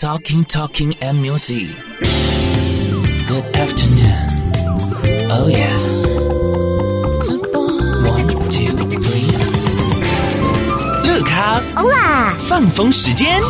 Talking, talking, and music. Good afternoon. Oh, yeah. One, two, three. 樂咖卡，歐拉 Hola，放風時間。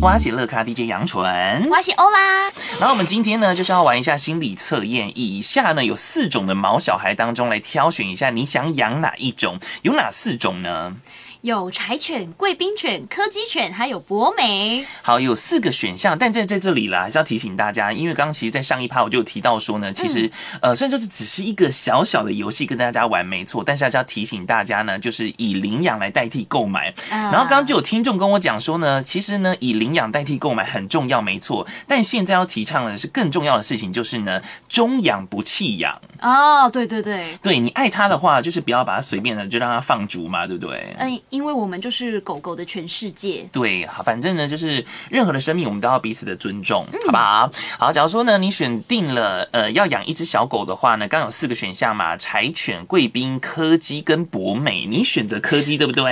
瓦西樂咖 DJ 楊純，瓦西歐拉。然後我們今天呢，就是要玩一下心理測驗。以下呢，有四種的毛小孩當中來挑選一下，你想養哪一種？有哪四種呢？有柴犬、貴賓犬、柯基犬，還有博美。好，有四個選項，但在在這裡啦，還是要提醒大家，因為剛剛其實在上一趴我就有提到說呢，其實、嗯、呃，雖然就是只是一個小小的遊戲跟大家玩，沒錯，但是還是要提醒大家呢，就是以領養來代替購買。啊、然後剛剛就有聽眾跟我講說呢，其實呢，以領養代替購買很重要，沒錯。但現在要提倡的是更重要的事情，就是呢，終養不棄養。哦，對對對，對，對，你愛他的話，就是不要把它隨便的就讓它放逐嘛，對不對？欸因為我們就是狗狗的全世界。對、啊，好，反正呢，就是任何的生命，我們都要彼此的尊重，嗯、好不好？好，假如說呢，你選定了，呃，要養一只小狗的話呢，剛有四個選項嘛，柴犬、貴賓、柯基跟博美，你選擇柯基，對不對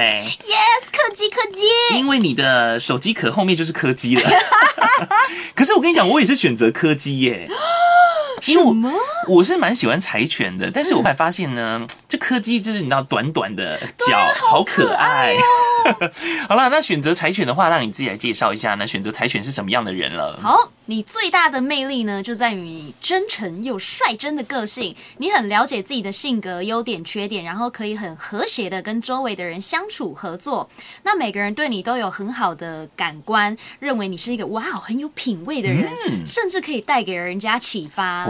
？Yes，柯基，柯基。因為你的手機殼後面就是柯基了。 可是我跟你講，我也是選擇柯基耶，有嗎？因為我是蠻喜歡柴犬的，但是我還發現呢，嗯、這柯基就是你知道，短短的腳，好可愛、啊。 好了，那選擇柴犬的話，讓你自己來介紹一下呢，那選擇柴犬是什麼樣的人了？好。你最大的魅力呢，就在於你真誠又率真的個性。你很了解自己的性格優點、缺點，然後可以很和諧的跟周圍的人相處合作。那每個人對你都有很好的感官，認為你是一個哇哦很有品味的人，甚至可以帶給人家啟發。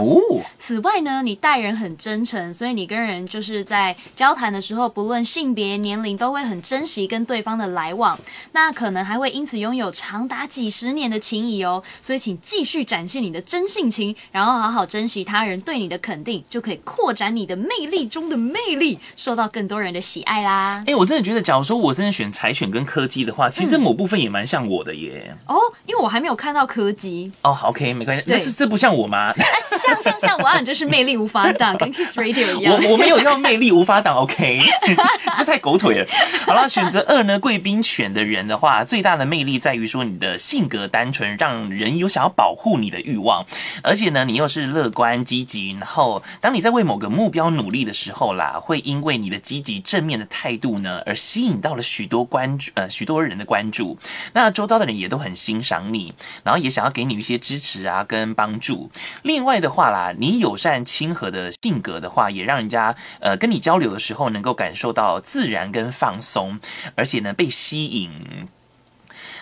此外呢，你待人很真誠，所以你跟人就是在交談的時候，不論性別、年齡，都會很珍惜跟對方的來往。那可能還會因此擁有長達幾十年的情誼哦。所以請繼續展現你的真性情，然後好好珍惜他人對你的肯定，就可以擴展你的魅力中的魅力，受到更多人的喜愛啦。哎、欸，我真的覺得，假如說我真的選柴犬跟柯基的話，其實這某部分也蠻像我的耶、嗯。哦，因為我還沒有看到柯基。哦，好，OK，沒關係。那對是，這不像我嗎、欸？像像像我啊，你就是魅力無法擋， 跟 Kiss Radio 一樣。我我沒有要魅力無法擋，OK， 這太狗腿了。好了，選擇二呢，貴賓犬的人的話，最大的魅力在於說你的性格單純，讓人有想要。保護你的慾望，而且呢，你又是樂觀積極，然後當你在為某個目標努力的時候啦，會因為你的積極正面的態度呢，而吸引到了許多關注，呃，許多人的關注。那周遭的人也都很欣賞你，然後也想要給你一些支持啊，跟幫助。另外的話啦，你友善親和的性格的話，也讓人家呃跟你交流的時候能夠感受到自然跟放鬆，而且呢，被吸引。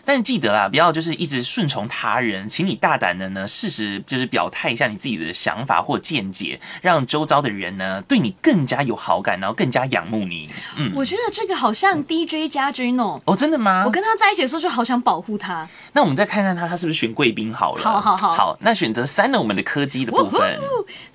但記得啦，不要就是一直順從他人，請你大膽的呢，適時就是表態一下你自己的想法或見解，讓周遭的人呢對你更加有好感，然後更加仰慕你。嗯，我覺得這個好像 DJ 加 Gino 哦。哦，真的嗎？我跟他在一起的時候就好想保護他。那我們再看看他，他是不是選貴賓好了？好，好，好，好，好。好，那選擇三的我們的柯基的部分，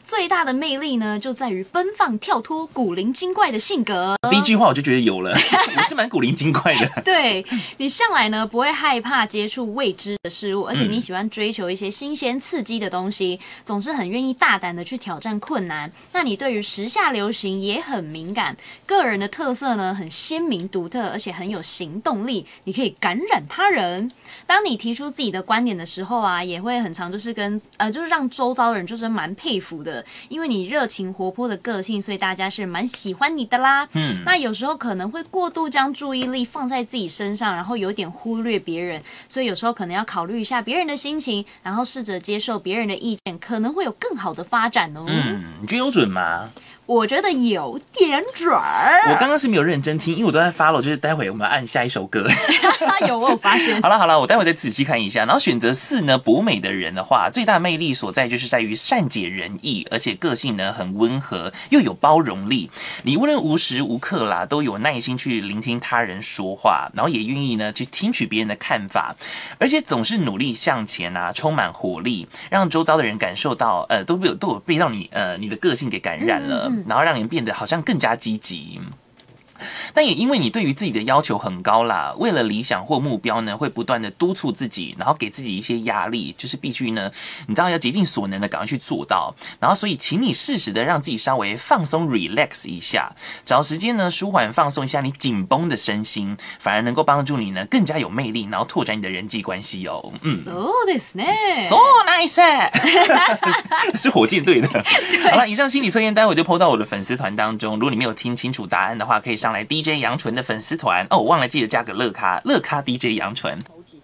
最大的魅力呢，就在於奔放、跳脫、古靈精怪的性格。第一句話我就覺得有了，你 是蠻古靈精怪的。 對你向來呢不會。害怕接觸未知的事物，而且你喜歡追求一些新鮮刺激的東西，總是很願意大膽的去挑戰困難。那你對於時下流行也很敏感，個人的特色呢很鮮明獨特，而且很有行動力，你可以感染他人。當你提出自己的觀點的時候啊，也會很常就是跟呃就是讓周遭人就是蠻佩服的，因為你熱情活潑的個性，所以大家是蠻喜歡你的啦。嗯，那有時候可能會過度將注意力放在自己身上，然後有點忽略別人，所以有時候可能要考慮一下別人的心情，然後試着接受別人的意見，可能會有更好的發展哦。嗯，你覺得有準嗎？我覺得有點準兒。我剛剛是沒有認真聽，因為我都在 follow，就是待會我們要按下一首歌。有，我發現。好了好了，我待會再仔細看一下。然後選擇四呢，博美的人的話，最大魅力所在就是在於善解人意，而且個性呢很溫和，又有包容力。你無論無時無刻啦，都有耐心去聆聽他人說話，然後也願意呢去聽取別人的看法，而且總是努力向前啊，充滿活力，讓周遭的人感受到，呃，都有都有被讓你呃你的個性給感染了。嗯然後讓你們變得好像更加積極。但也因為你對於自己的要求很高啦，為了理想或目標呢，會不斷的督促自己，然後給自己一些壓力，就是必須呢，你知道要竭盡所能的趕快去做到。然後所以，請你適時的讓自己稍微放鬆、relax 一下，找時間呢舒緩放鬆一下你緊繃的身心，反而能夠幫助你呢更加有魅力，然後拓展你的人際關係喲、哦。嗯，そうですね。So nice。是火箭隊的。好了，以上心理測驗待會就 po 到我的粉絲團當中，如果你沒有聽清楚答案的話，可以上。來 DJ 楊純的粉絲團哦，我忘了記得加個樂咖樂咖 DJ 楊純。